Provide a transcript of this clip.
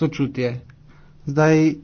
sočutje. Zdaj